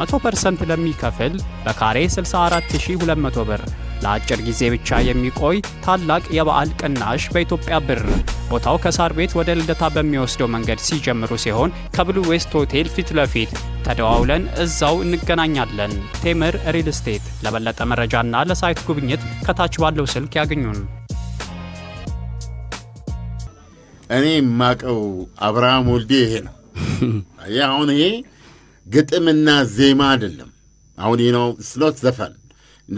100% ለሚከፍል በካሬ 64200 ብር ለአጭር ጊዜ ብቻ የሚቆይ ታላቅ የበዓል ቅናሽ በኢትዮጵያ ብር። ቦታው ከሳር ቤት ወደ ልደታ በሚወስደው መንገድ ሲጀምሩ ሲሆን ከብሉ ዌስት ሆቴል ፊት ለፊት ተደዋውለን እዛው እንገናኛለን። ቴምር ሪል ስቴት። ለበለጠ መረጃና ለሳይት ጉብኝት ከታች ባለው ስልክ ያገኙን። እኔ የማቀው አብርሃም ወልዴ ይሄ ነው። አሁን ይሄ ግጥምና ዜማ አይደለም። አሁን ነው ስሎት ዘፈን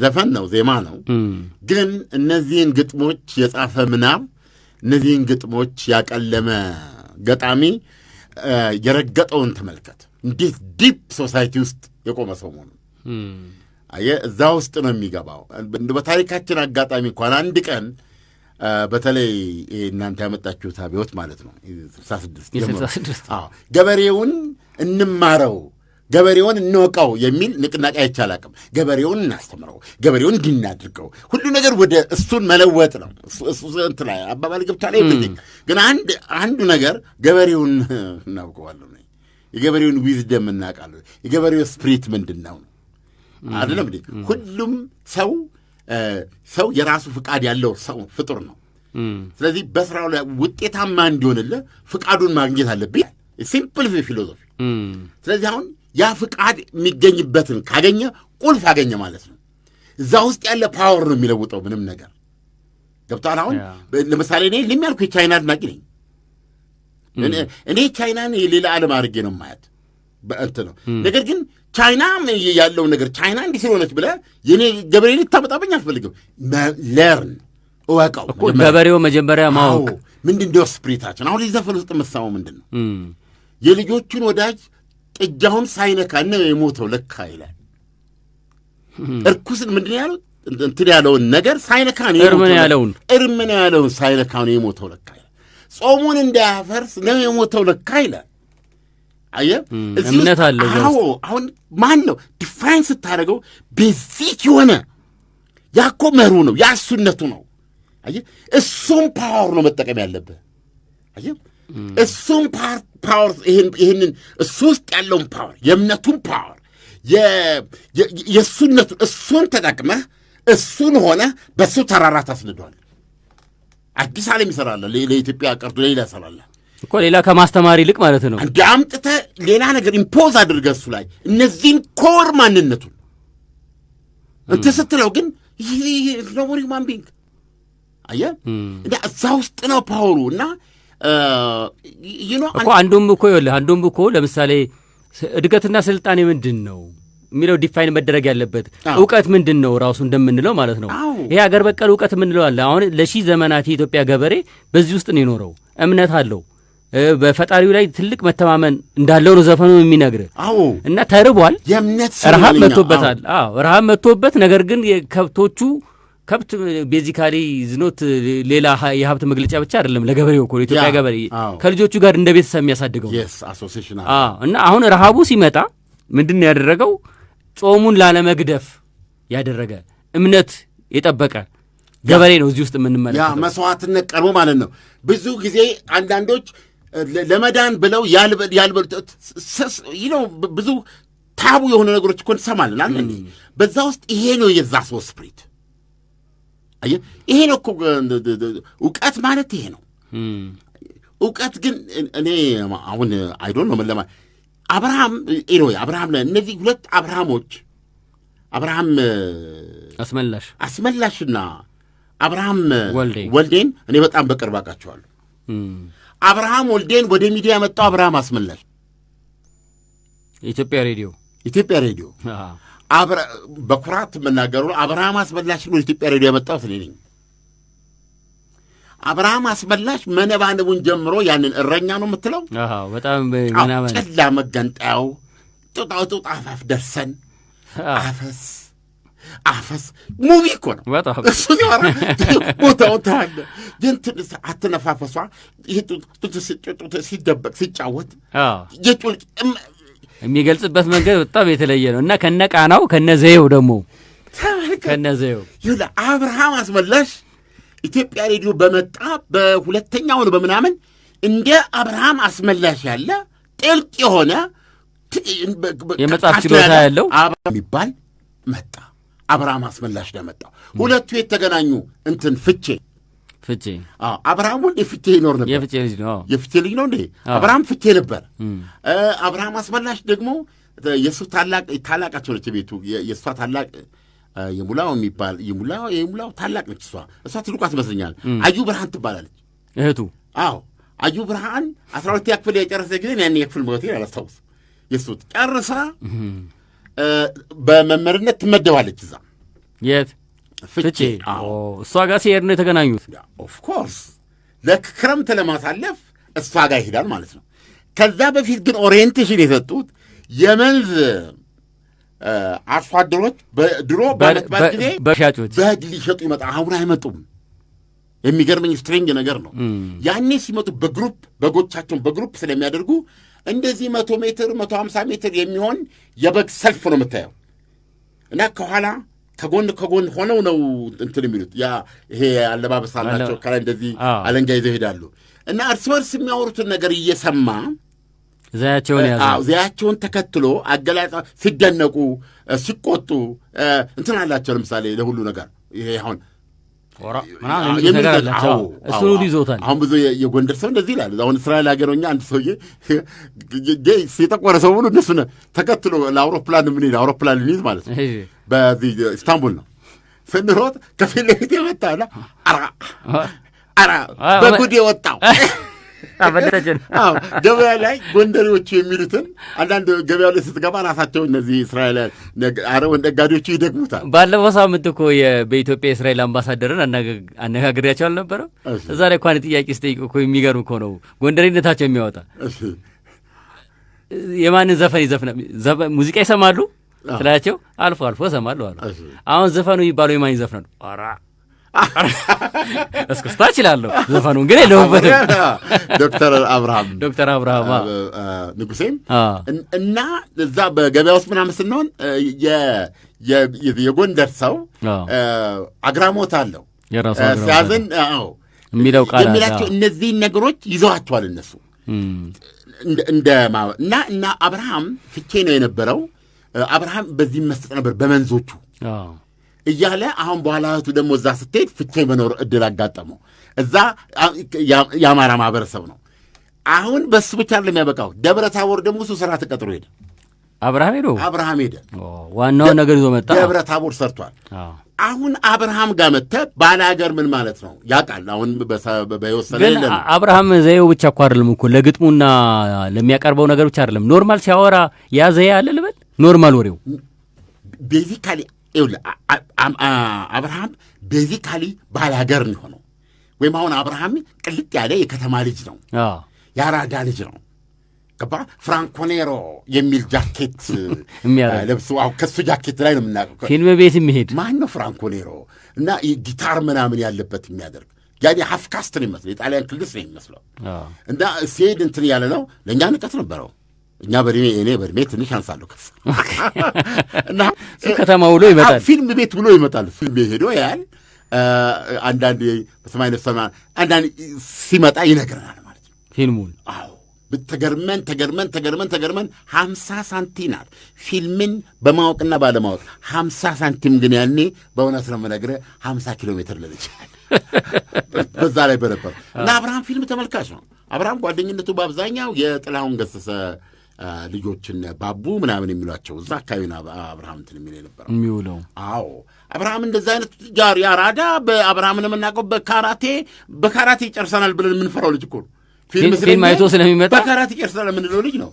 ዘፈን ነው፣ ዜማ ነው። ግን እነዚህን ግጥሞች የጻፈ ምናብ፣ እነዚህን ግጥሞች ያቀለመ ገጣሚ የረገጠውን ተመልከት። እንዴት ዲፕ ሶሳይቲ ውስጥ የቆመ ሰው መሆኑ እዛ ውስጥ ነው የሚገባው። በታሪካችን አጋጣሚ እንኳን አንድ ቀን በተለይ እናንተ ያመጣችሁት አብዮት ማለት ነው ስልሳ ስድስት ገበሬውን እንማረው ገበሬውን እንወቀው የሚል ንቅናቄ አይቻላቅም። ገበሬውን እናስተምረው፣ ገበሬውን እንድናድርገው ሁሉ ነገር ወደ እሱን መለወጥ ነው። እሱ እንትን ላይ አባባል ገብታ ላይ ግን አንድ አንዱ ነገር ገበሬውን ነ የገበሬውን ዊዝደም እናውቃለን። የገበሬው ስፕሪት ምንድን ነው አይደለም? ሁሉም ሰው ሰው የራሱ ፍቃድ ያለው ሰው ፍጡር ነው። ስለዚህ በስራው ላይ ውጤታማ እንዲሆንልህ ፍቃዱን ማግኘት አለብኝ። ሲምፕል ፊሎሶፊ ስለዚህ አሁን ያ ፍቃድ የሚገኝበትን ካገኘ ቁልፍ አገኘ ማለት ነው። እዛ ውስጥ ያለ ፓወር ነው የሚለውጠው ምንም ነገር ገብቷል። አሁን ለምሳሌ እኔ ለሚያልኩ የቻይና አድናቂ ነኝ። እኔ ቻይናን የሌላ ዓለም አድርጌ ነው ማያት በእንት ነው። ነገር ግን ቻይና ያለው ነገር ቻይና እንዲህ ስለሆነች ብለ የኔ ገበሬ ልታመጣብኝ አልፈልግም። ለርን እወቀው፣ ገበሬው መጀመሪያ ማወቅ ምንድን እንዲያው ስፕሪታችን። አሁን የዘፈን ውስጥ የምትሰማው ምንድን ነው? የልጆቹን ወዳጅ ጥጃውን ሳይነካ ነው የሞተው ለካ ይላል። እርኩስን ምንድን ያለው እንትን ያለውን ነገር ሳይነካ ነው እርምን ያለውን እርምን ያለውን ሳይነካ ነው የሞተው ለካ ይላል። ጾሙን እንዳያፈርስ ነው የሞተው ለካ ይላል። አየህ እምነት አለው። አሁን ማን ነው ዲፋይን ስታደርገው ቤዚክ የሆነ ያኮ መሩ ነው ያሱነቱ ነው። አየህ እሱም ፓወር ነው መጠቀም ያለብህ አየህ እሱም ፓወር ይህንን እሱ ውስጥ ያለውን ፓወር የእምነቱን ፓወር የእሱነቱ እሱን ተጠቅመ እሱን ሆነ በእሱ ተራራ ታስንዷል። አዲስ ዓለም ይሰራለ ለኢትዮጵያ ቀርቶ ሌላ ይሰራለ እኮ ሌላ ከማስተማር ይልቅ ማለት ነው። እንደ አምጥተህ ሌላ ነገር ኢምፖዝ አድርገ እሱ ላይ እነዚህን ኮር ማንነቱን እንትን ስትለው ግን ይህ ኖ ሞር ማን ቢንግ አየህ እዛ ውስጥ ነው ፓወሩ እና እኮ አንዱም እኮ ይኸውልህ አንዱም እኮ ለምሳሌ እድገትና ስልጣኔ ምንድን ነው የሚለው ዲፋይን መደረግ ያለበት እውቀት ምንድን ነው ራሱ እንደምንለው ማለት ነው። ይሄ ሀገር በቀል እውቀት የምንለው አለ። አሁን ለሺ ዘመናት የኢትዮጵያ ገበሬ በዚህ ውስጥ ነው የኖረው። እምነት አለው በፈጣሪው ላይ ትልቅ መተማመን እንዳለው ነው ዘፈኑ የሚነግር። እና ተርቧል፣ ረሃብ መጥቶበታል፣ ረሃብ መጥቶበት ነገር ግን የከብቶቹ ከብት ቤዚካሊ ዝኖት ሌላ የሀብት መግለጫ ብቻ አይደለም። ለገበሬው እኮ ለኢትዮጵያ ገበሬ ከልጆቹ ጋር እንደ ቤተሰብ የሚያሳድገው እና አሁን ረሃቡ ሲመጣ ምንድን ነው ያደረገው? ጾሙን ላለመግደፍ ያደረገ እምነት የጠበቀ ገበሬ ነው እዚህ ውስጥ የምንመለከተው። መስዋዕትነት ቀርቦ ማለት ነው። ብዙ ጊዜ አንዳንዶች ለመዳን ብለው ያልበሉት ብዙ ታቡ የሆኑ ነገሮች እኮ እንሰማለን። በዛ ውስጥ ይሄ ነው የዛ ሰው ስፕሪት አየህ ይሄን እኮ እውቀት ማለት ይሄ ነው። እውቀት ግን እኔ አሁን አይዶን ነው መለማ አብርሃም ኤሎይ አብርሃም ላይ እነዚህ ሁለት አብርሃሞች አብርሃም አስመላሽ አስመላሽና አብርሃም ወልዴን እኔ በጣም በቅርብ አውቃቸዋለሁ። አብርሃም ወልዴን ወደ ሚዲያ መጣው አብርሃም አስመላሽ ኢትዮጵያ ሬዲዮ ኢትዮጵያ ሬዲዮ በኩራት የምናገሩ አብርሃም አስበላሽ ነው ኢትዮጵያ ሬዲዮ ያመጣሁት እኔ ነኝ። አብርሃም አስበላሽ መነባነቡን ጀምሮ ያንን እረኛ ነው የምትለው ጨላ መገንጠያው ጡጣ ጡጣ አፋፍ ደርሰን አፈስ አፈስ ሙቪ እኮ ነው እሱ ሲወራ ቦታውን ታለ ትንስ አትነፋፈሷ ይህ ሲደበቅ ሲጫወት የሚገልጽበት መንገድ በጣም የተለየ ነው እና ከነ ቃናው ከነ ዘየው ደግሞ ከነ ዘየው ይሁላ አብርሃም አስመላሽ ኢትዮጵያ ሬዲዮ በመጣ በሁለተኛው ነው በምናምን እንደ አብርሃም አስመላሽ ያለ ጥልቅ የሆነ የመጽሐፍ ችሎታ ያለው የሚባል መጣ። አብርሃም አስመላሽ ነው መጣው። ሁለቱ የተገናኙ እንትን ፍቼ ፍቼ አብርሃም ወልድ የፍቼ ይኖር ነበር። የፍቼ ልጅ ነው። የፍቼ ልጅ ነው እንዴ? አብርሃም ፍቼ ነበር። አብርሃም አስመላሽ ደግሞ የእሱ ታላቅ ታላቃቸው ነች። ቤቱ የእሷ ታላቅ የሙላው የሚባል የሙላው ታላቅ ነች። እሷ እሷ ትልቋ ትመስለኛል። አዩ ብርሃን ትባላለች እህቱ። አዎ አዩ ብርሃን አስራ ሁለት ያክፍል የጨረሰ ጊዜ ያን የክፍል መቶ አላስታውስ የእሱ ጨርሳ በመምህርነት ትመደባለች እዛ የት ፍቼ እሷ ጋር ሲሄድ ነው የተገናኙት። ኦፍኮርስ ለክረምት ለማሳለፍ እሷ ጋር ይሄዳል ማለት ነው። ከዛ በፊት ግን ኦሪየንቴሽን የሰጡት የመንዝ አርሶ አደሮች ድሮ በመትባት ጊዜ በግ ሊሸጡ ይመጣ፣ አሁን አይመጡም። የሚገርመኝ ስትሬንጅ ነገር ነው። ያኔ ሲመጡ በግሩፕ በጎቻቸውን በግሩፕ ስለሚያደርጉ እንደዚህ መቶ ሜትር መቶ ሀምሳ ሜትር የሚሆን የበግ ሰልፍ ነው የምታየው እና ከኋላ ከጎን ከጎን ሆነው ነው እንትን የሚሉት ያ ይሄ አለባበስ አላቸው። ከላይ እንደዚህ አለንጋ ይዘው ይሄዳሉ እና እርስ በርስ የሚያወሩትን ነገር እየሰማ ዘያቸውን ያዘ። ዘያቸውን ተከትሎ አገላጣ ሲደነቁ፣ ሲቆጡ እንትን አላቸው። ለምሳሌ ለሁሉ ነገር ይሄ አሁን እሱ አሁን ብዙ የጎንደር ሰው እንደዚህ ይላል። አሁን እስራኤል ሀገር ሆኜ አንድ ሰውዬ ጌይ የጠቆረ ሰው ብሎ እነሱን ተከትሎ ለአውሮፕላን ምን ይል አውሮፕላን ሊይዝ ማለት ነው በዚህ ኢስታንቡል ነው ስንሮጥ ከፊት ለፊት የመጣውና አራ አራ በጉድ የወጣው ገበያ ላይ ጎንደሬዎቹ የሚሉትን አንዳንድ ገበያ ላይ ስትገባ ራሳቸው እነዚህ እስራኤል አረብ ነጋዴዎቹ ይደግሙታል። ባለፈው ሳምንት እኮ በኢትዮጵያ የእስራኤል አምባሳደርን አነጋግሬያቸው አልነበረም? እዛ ላይ እንኳን ጥያቄ ስጠይቅ እኮ የሚገርም እኮ ነው ጎንደሬነታቸው የሚያወጣ የማንን ዘፈን ይዘፍና ሙዚቃ ይሰማሉ ስላቸው አልፎ አልፎ እሰማለሁ አሉ። አሁን ዘፈኑ የሚባለው የማን ዘፍ ነው? ኧረ እስክስታ እችላለሁ፣ ዘፈኑን ግን የለሁበትም። ዶክተር አብርሃም ዶክተር አብርሃም ንጉሴም እና እዛ በገበያ ውስጥ ምናምን ስንሆን የጎንደር ሰው አግራሞት አለው ሲያዝን የሚለው ቃል የሚላቸው እነዚህን ነገሮች ይዘዋቸዋል እነሱ እንደ እና እና አብርሃም ፍቼ ነው የነበረው አብርሃም በዚህ መሰጥ ነበር በመንዞቹ እያለ አሁን በኋላ እህቱ ደግሞ እዛ ስትሄድ ፍቼ መኖር እድል አጋጠመው። እዛ የአማራ ማህበረሰብ ነው። አሁን በሱ ብቻ ለሚያበቃው ደብረ ታቦር ደግሞ እሱ ስራ ተቀጥሮ ሄደ። አብርሃም ሄዶ አብርሃም ሄደ። ዋናው ነገር ይዞ መጣ። ደብረ ታቦር ሰርቷል። አሁን አብርሃም ጋር ባለ ሀገር ምን ማለት ነው ያውቃል። አሁን በወሰነ ለ አብርሃም ዘዬው ብቻ እኮ አይደለም እኮ ለግጥሙና ለሚያቀርበው ነገር ብቻ አይደለም። ኖርማል ሲያወራ ያ ዘዬ አለ ልበል ኖርማል ወሬው ቤዚካሊ አብርሃም ቤዚካሊ ባላገር ነው የሆነው። ወይም አሁን አብርሃም ቅልጥ ያለ የከተማ ልጅ ነው፣ የአራዳ ልጅ ነው። ገባ ፍራንኮኔሮ የሚል ጃኬት ለብሶ ከሱ ጃኬት ላይ ነው የምናውቀው። ፊልም ቤት የሚሄድ ማን ነው ፍራንኮኔሮ? እና ጊታር ምናምን ያለበት የሚያደርግ ያኔ ሀፍካስት ነው የሚመስለው፣ የጣሊያን ክልስ ነው ይመስለው። እና ሲሄድ እንትን ያለ ነው። ለእኛ ንቀት ነበረው። እኛ በእድሜ እኔ በእድሜ ትንሽ አንሳለሁ ከፍ እና ከተማ ውሎ ይመጣል፣ ፊልም ቤት ብሎ ይመጣል። ፊልም ሄዶ ያህል አንዳንድ በሰማይ ነፍሰ አንዳንድ ሲመጣ ይነግረናል ማለት ነው ፊልሙን። አዎ ተገርመን ተገርመን ተገርመን ተገርመን ሀምሳ ሳንቲም ናት ፊልምን በማወቅና ባለማወቅ ሀምሳ ሳንቲም ግን ያኔ በእውነት ነው የምነግርህ ሀምሳ ኪሎ ሜትር ልል ይችላል በዛ ላይ በነበር እና አብርሃም ፊልም ተመልካች ነው። አብርሃም ጓደኝነቱ በአብዛኛው የጥላሁን ገሰሰ ልጆችን ባቡ ምናምን የሚሏቸው እዛ አካባቢ አብርሃም እንትን የሚል የነበረው የሚውለው። አዎ አብርሃም እንደዚ አይነት ጃር ያራዳ በአብርሃምን የምናውቀው በካራቴ በካራቴ ይጨርሰናል ብለን የምንፈራው ልጅ እኮ ነው። ፊልም አይቶ ስለሚመጣ በካራቴ ይጨርሰናል የምንለው ልጅ ነው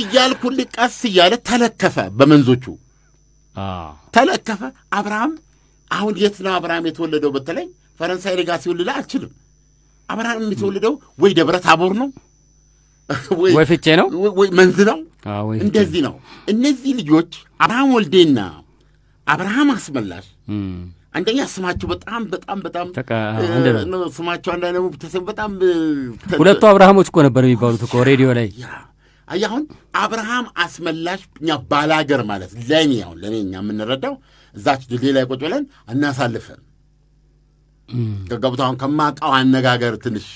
እያልኩ ቀስ እያለ ተለከፈ፣ በመንዞቹ ተለከፈ። አብርሃም አሁን የት ነው አብርሃም የተወለደው? በተለይ ፈረንሳይ ሌጋ ሲውልላ አልችልም። አብርሃም የተወለደው ወይ ደብረ ታቦር ነው ወይ ፍቼ ነው ወይ መንዝ ነው እንደዚህ ነው። እነዚህ ልጆች አብርሃም ወልዴና አብርሃም አስመላሽ አንደኛ ስማቸው በጣም በጣም በጣም ስማቸው አንድ አይነ ተሰ በጣም ሁለቱ አብርሃሞች እኮ ነበር የሚባሉት እኮ ሬዲዮ ላይ አየህ። አሁን አብርሃም አስመላሽ እኛ ባላገር ማለት ለእኔ አሁን ለእኔ እኛ የምንረዳው እዛች ድሌ ላይ ቁጭ ብለን እናሳልፈን ገብቶ አሁን ከማውቀው አነጋገር ትንሽ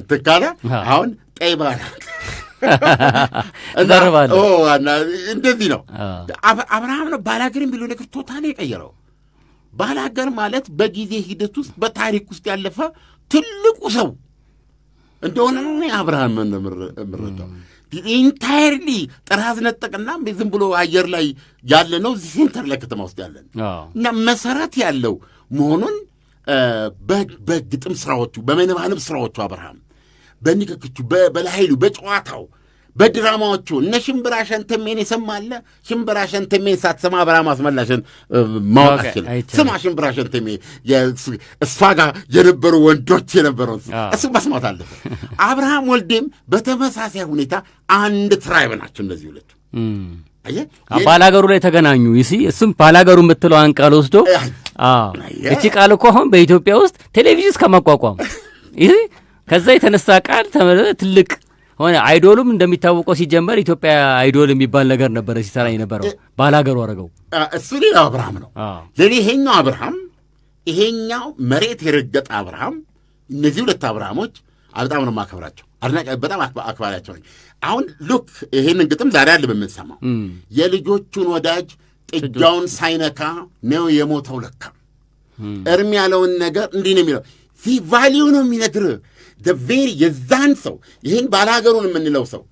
እትካለ አሁን ጠይባ ናት። እንደዚህ ነው። አብርሃም ነው ባላገር የሚለው ነገር ቶታ ነው የቀየረው። ባላገር ማለት በጊዜ ሂደት ውስጥ በታሪክ ውስጥ ያለፈ ትልቁ ሰው እንደሆነ ነው አብርሃም ምረዳው። ኢንታይርሊ ጥራዝ ነጠቅና ዝም ብሎ አየር ላይ ያለ ነው። ሴንተር ላይ ከተማ ውስጥ ያለን እና መሰረት ያለው መሆኑን በግጥም ስራዎቹ፣ በመነባነብ ስራዎቹ አብርሃም በንክክቹ፣ በላይሉ፣ በጨዋታው፣ በድራማዎቹ እነ ሽምብራ ሸንተሜን የሰማለ ሽምብራ ሸንተሜን ሳትሰማ አብርሃም አስመላሽን ማወቅ አችልም። ስማ ሽምብራ ሸንተሜ እሷ ጋር የነበሩ ወንዶች የነበረው እሱ መስማት አለ። አብርሃም ወልዴም በተመሳሳይ ሁኔታ አንድ ትራይብ ናቸው እነዚህ ሁለቱ ባላገሩ ላይ ተገናኙ። ይሲ እሱም ባላገሩ የምትለው ቃል ወስዶ እቺ ቃል እኮ አሁን በኢትዮጵያ ውስጥ ቴሌቪዥን እስከማቋቋም ይህ ከዛ የተነሳ ቃል ትልቅ ሆነ። አይዶሉም እንደሚታወቀው ሲጀመር ኢትዮጵያ አይዶል የሚባል ነገር ነበረ ሲሰራ የነበረው ባላገሩ አረገው። እሱ ሌላው አብርሃም ነው። ለኔ ይሄኛው አብርሃም ይሄኛው መሬት የረገጠ አብርሃም፣ እነዚህ ሁለት አብርሃሞች በጣም ነው የማከብራቸው። አድናቂ በጣም አክባሪያቸው ነኝ። አሁን ሉክ ይሄንን ግጥም ዛሬ አለ በምንሰማው የልጆቹን ወዳጅ ጥጃውን ሳይነካ ነው የሞተው ለካ እርም ያለውን ነገር እንዲህ ነው የሚለው ሲ ቫሊዩ ነው የሚነግርህ ቬሪ የዛን ሰው ይህን ባላገሩን የምንለው ሰው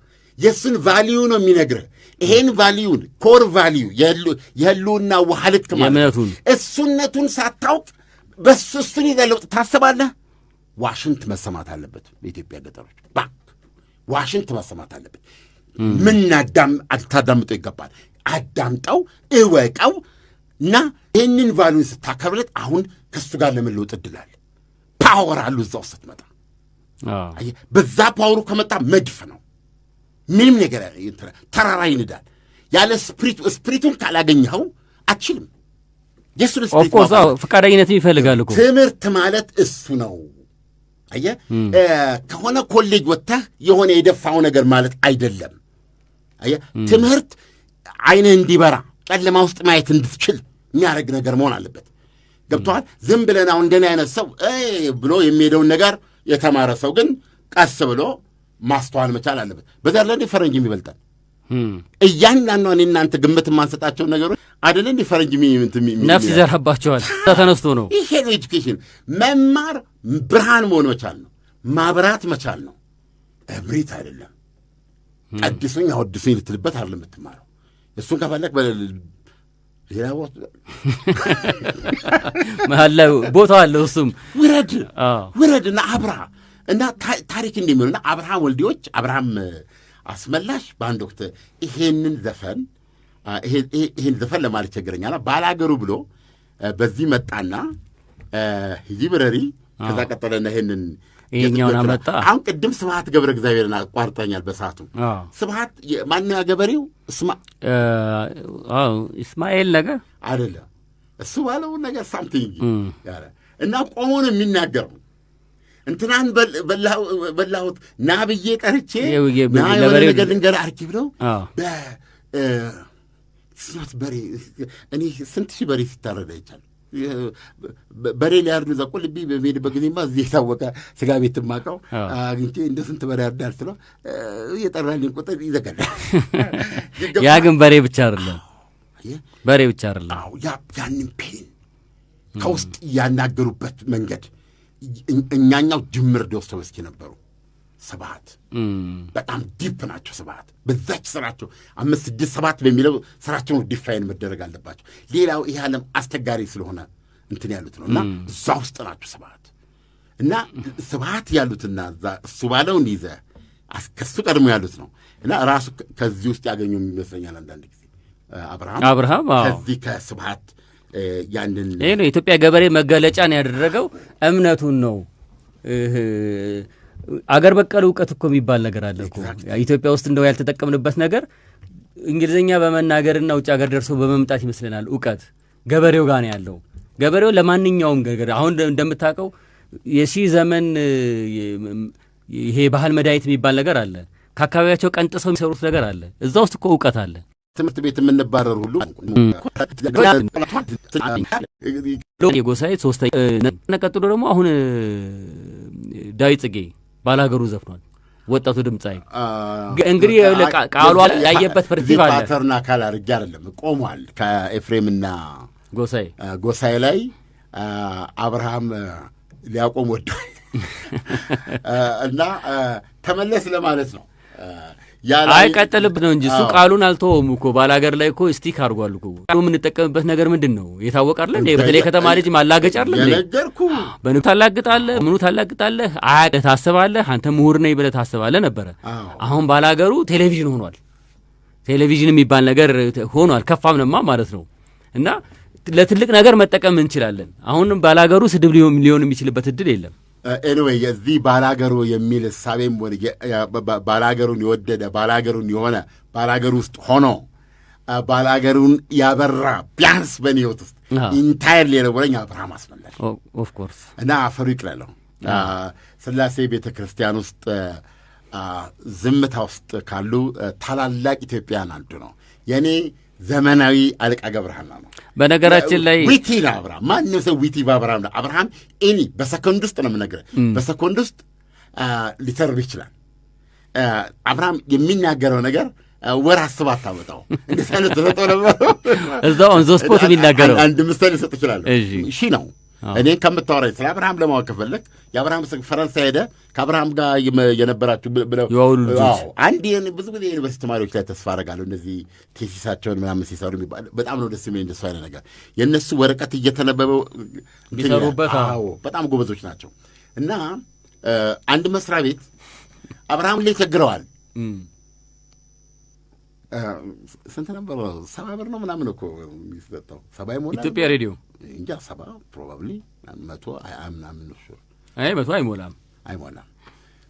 የእሱን ቫሊዩ ነው የሚነግርህ ይሄን ቫሊዩን ኮር ቫሊዩ የህልውና ውሃ ማለት እሱነቱን ሳታውቅ በሱ እሱን ይዘህ ለውጥ ታስባለህ ዋሽንት መሰማት አለበት። በኢትዮጵያ ገጠሮች ዋሽንት መሰማት አለበት። ምን አዳም አልታዳምጠው ይገባል። አዳምጠው እወቀው እና ይህንን ቫሉን ስታከብለት አሁን ከሱ ጋር ለመለወጥ እድላል። ፓወር አሉ እዛው ስትመጣ በዛ ፓወሩ ከመጣ መድፍ ነው። ምንም ነገር ተራራ ይንዳል። ያለ ስፕሪቱ ስፕሪቱን ካላገኘኸው አችልም። የሱን ስፕሪት ፍቃደኝነትን ይፈልጋል እኮ ትምህርት ማለት እሱ ነው። አየ ከሆነ ኮሌጅ ወጥተህ የሆነ የደፋው ነገር ማለት አይደለም። አየ ትምህርት ዓይንህ እንዲበራ ጨለማ ውስጥ ማየት እንድትችል የሚያደርግ ነገር መሆን አለበት። ገብተዋል። ዝም ብለን አሁን እንደኔ አይነት ሰው ብሎ የሚሄደውን ነገር የተማረ ሰው ግን ቀስ ብሎ ማስተዋል መቻል አለበት። በዛ ላይ ፈረንጅም ይበልጣል። እያንዳንዷን የእናንተ ግምት የማንሰጣቸውን ነገሮች አደለ እንደ ፈረንጅ ነፍስ ይዘራባቸዋል። ተነስቶ ነው። ይሄ ነው ኤጁኬሽን። መማር ብርሃን መሆን መቻል ነው። ማብራት መቻል ነው። እብሪት አይደለም። ቀድሱኝ አወድሱኝ ልትልበት አለ የምትማረው። እሱን ከፈለክ ሌላ ቦታ መሀል ላይ ቦታ አለ። እሱም ውረድ ውረድ እና አብራ እና ታሪክ እንደሚሆንና አብርሃም ወልዲዎች አብርሃም አስመላሽ በአንድ ወቅት ይሄንን ዘፈን ይህን ዘፈን ለማለት ቸገረኛና ባላገሩ ብሎ በዚህ መጣና ይብረሪ ከዛ ቀጠለና ይህንን ይህኛውን አመጣ። አሁን ቅድም ስብሀት ገብረ እግዚአብሔርን አቋርጠኛል በሰዓቱ ስብሀት ማነው ያገበሬው እስማኤል ነገር አይደለም እሱ ባለው ነገር ሳምቲንግ እና ቆሞ ነው የሚናገረው። እንትናን በላሁት ና ብዬ ጠርቼ ና የሆነ ነገር ልንገር አርኪ ብለው ስናት በሬ እኔ ስንት ሺህ በሬ ሲታረድ አይቻለሁ። በሬ ሊያርድ እዛ እኮ ልቤ በሚሄድበት ጊዜማ እዚህ የታወቀ ስጋ ቤት ማቀው አግኝቼ እንደ ስንት በሬ ያርዳል ስለው የጠራልኝ ቁጥር ይዘጋል። ያ ግን በሬ ብቻ አይደለም፣ በሬ ብቻ አይደለም። ያንን ፔን ከውስጥ እያናገሩበት መንገድ እኛኛው ድምር ደውስተው እስኪ ነበሩ ስብሐት mm. በጣም ዲፕ ናቸው። ስብሐት በዛች ስራቸው አምስት ስድስት ሰባት በሚለው ስራቸውን ዲፋይን መደረግ አለባቸው። ሌላው ይህ ዓለም አስቸጋሪ ስለሆነ እንትን ያሉት ነው እና mm. እዛ ውስጥ ናቸው ስብሐት እና ስብሐት ያሉትና እዛ እሱ ባለው እንዲዘ ከሱ ቀድሞ ያሉት ነው እና ራሱ ከዚህ ውስጥ ያገኙ ይመስለኛል። አንዳንድ ጊዜ አብርሃም አብርሃም ከዚህ ከስብሐት ያንን ይህ ነው የኢትዮጵያ ገበሬ መገለጫን ያደረገው እምነቱን ነው አገር በቀል እውቀት እኮ የሚባል ነገር አለ እኮ ኢትዮጵያ ውስጥ እንደው ያልተጠቀምንበት ነገር እንግሊዝኛ በመናገርና ውጭ ሀገር ደርሶ በመምጣት ይመስለናል። እውቀት ገበሬው ጋር ነው ያለው። ገበሬው ለማንኛውም ነገር አሁን እንደምታውቀው የሺህ ዘመን ይሄ ባህል መድኃኒት የሚባል ነገር አለ። ከአካባቢያቸው ቀንጥሰው የሚሰሩት ነገር አለ። እዛ ውስጥ እኮ እውቀት አለ። ትምህርት ቤት የምንባረር ሁሉ የጎሳዬ ሶስተኛ ደግሞ አሁን ዳዊት ጽጌ ባላገሩ ዘፍኗል። ወጣቱ ድምፃዊ እንግዲህ ቃሉ ያየበት ፐርቲቭ አለ። ፓተርን አካል አድርጌ አይደለም ቆሟል። ከኤፍሬምና ጎሳዬ ጎሳዬ ላይ አብርሃም ሊያቆም ወዷል እና ተመለስ ለማለት ነው። አይቀጥልብ ነው እንጂ እሱ ቃሉን አልተወውም እኮ ባላገር ላይ እኮ ስቲክ አድርጓል እኮ። የምንጠቀምበት ነገር ምንድን ነው የታወቀ አለ እንዴ? በተለይ ከተማ ልጅ ማላገጭ አለ እንዴ? ነገርኩ በኑ ታላግጣለህ፣ ምኑ ታላግጣለህ፣ አያ ታስባለህ፣ አንተ ምሁር ነኝ ብለህ ታስባለህ ነበረ። አሁን ባላገሩ ቴሌቪዥን ሆኗል። ቴሌቪዥን የሚባል ነገር ሆኗል። ከፋም ነማ ማለት ነው እና ለትልቅ ነገር መጠቀም እንችላለን። አሁንም ባላገሩ ስድብ ሊሆን የሚችልበት እድል የለም። ኤኒዌይ የዚህ ባላገሩ የሚል እሳቤም ባላገሩን የወደደ ባላገሩን የሆነ ባላገር ውስጥ ሆኖ ባላገሩን ያበራ ቢያንስ በእኔ ህይወት ውስጥ ኢንታይርሊ የነበረኝ አብርሃም አስመላሽ ኦፍኮርስ እና አፈሩ ይቅላለሁ ስላሴ ቤተ ክርስቲያን ውስጥ ዝምታ ውስጥ ካሉ ታላላቅ ኢትዮጵያን አንዱ ነው። የእኔ ዘመናዊ አለቃ ገብረሃና ነው። በነገራችን ላይ ዊቲ ነው አብርሃም። ማንም ሰው ዊቲ በአብርሃም ነው። አብርሃም ኤኒ በሰኮንድ ውስጥ ነው የምነግርህ፣ በሰኮንድ ውስጥ ሊተርብ ይችላል። አብርሃም የሚናገረው ነገር ወር አስብ አታመጣው። እንደዚህ አይነት ተሰጠው ነበር። እዛው ኦን ዘ ስፖት የሚናገረው አንድ ምሳሌ ሰጥ ይችላለሁ። ሺ ነው እኔ ከምታወራኝ ስለ አብርሃም ለማወቅ ከፈለግ የአብርሃም ስ ፈረንሳይ ሄደ ከአብርሃም ጋር የነበራችሁ ብለው አንድ ብዙ ጊዜ ዩኒቨርሲቲ ተማሪዎች ላይ ተስፋ አደርጋለሁ። እነዚህ ቴሲሳቸውን ምናምን ሲሰሩ የሚባል በጣም ነው ደስ የሚል እንደሱ አይነት ነገር የእነሱ ወረቀት እየተነበበው ቢሰሩበት በጣም ጎበዞች ናቸው። እና አንድ መስሪያ ቤት አብርሃም ላይ ይቸግረዋል ስንት ነበር? ሰባ ብር ነው ምናምን እኮ የሚሰጠው። ሰባ ይሞላል። ኢትዮጵያ ሬዲዮ እንጃ ሰባ ፕሮባብሊ መቶ ምናምን ሹር። አይ መቶ አይሞላም፣ አይሞላም።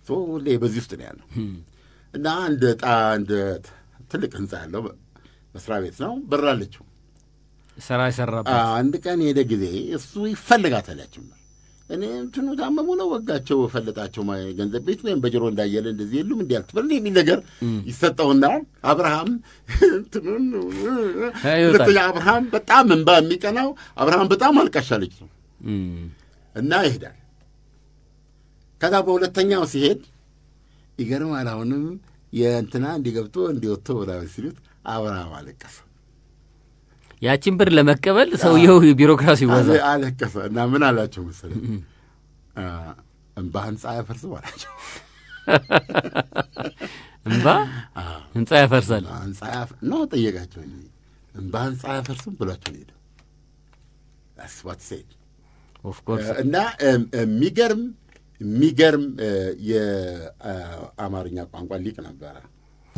ሶ ሁሌ በዚህ ውስጥ ነው ያለው እና እንደ ጣ እንደ ትልቅ ህንፃ ያለው መስሪያ ቤት ነው። በራለችው ስራ የሰራበት አንድ ቀን ሄደ ጊዜ እሱ ይፈልጋታል ያችን እኔ እንትኑ ታመሙ ነው ወጋቸው ፈለጣቸው ገንዘብ ቤት ወይም በጆሮ እንዳየለ እንደዚህ የሉም እንዲ ያልትበል የሚል ነገር ይሰጠውና አብርሃም እንትኑን ሁለተኛ አብርሃም በጣም እንባ የሚቀናው አብርሃም በጣም አልቃሻ ልጅ ነው እና ይሄዳል። ከዛ በሁለተኛው ሲሄድ ይገርማል። አሁንም የእንትና እንዲገብቶ እንዲወጥቶ ብላ ሲሉት አብርሃም አለቀሰ። ያቺን ብር ለመቀበል ሰውየው ቢሮክራሲ ይወዛል። አለቀሰ እና ምን አላቸው መሰለኝ እምባ ህንፃ ያፈርስም አላቸው። እምባ ህንፃ ያፈርሳል እና ጠየቃቸው። እምባ ህንፃ ያፈርስም ብሏቸው ሄደ ስዋት ሴድ ኦፍኮርስ እና የሚገርም የሚገርም የአማርኛ ቋንቋ ሊቅ ነበረ።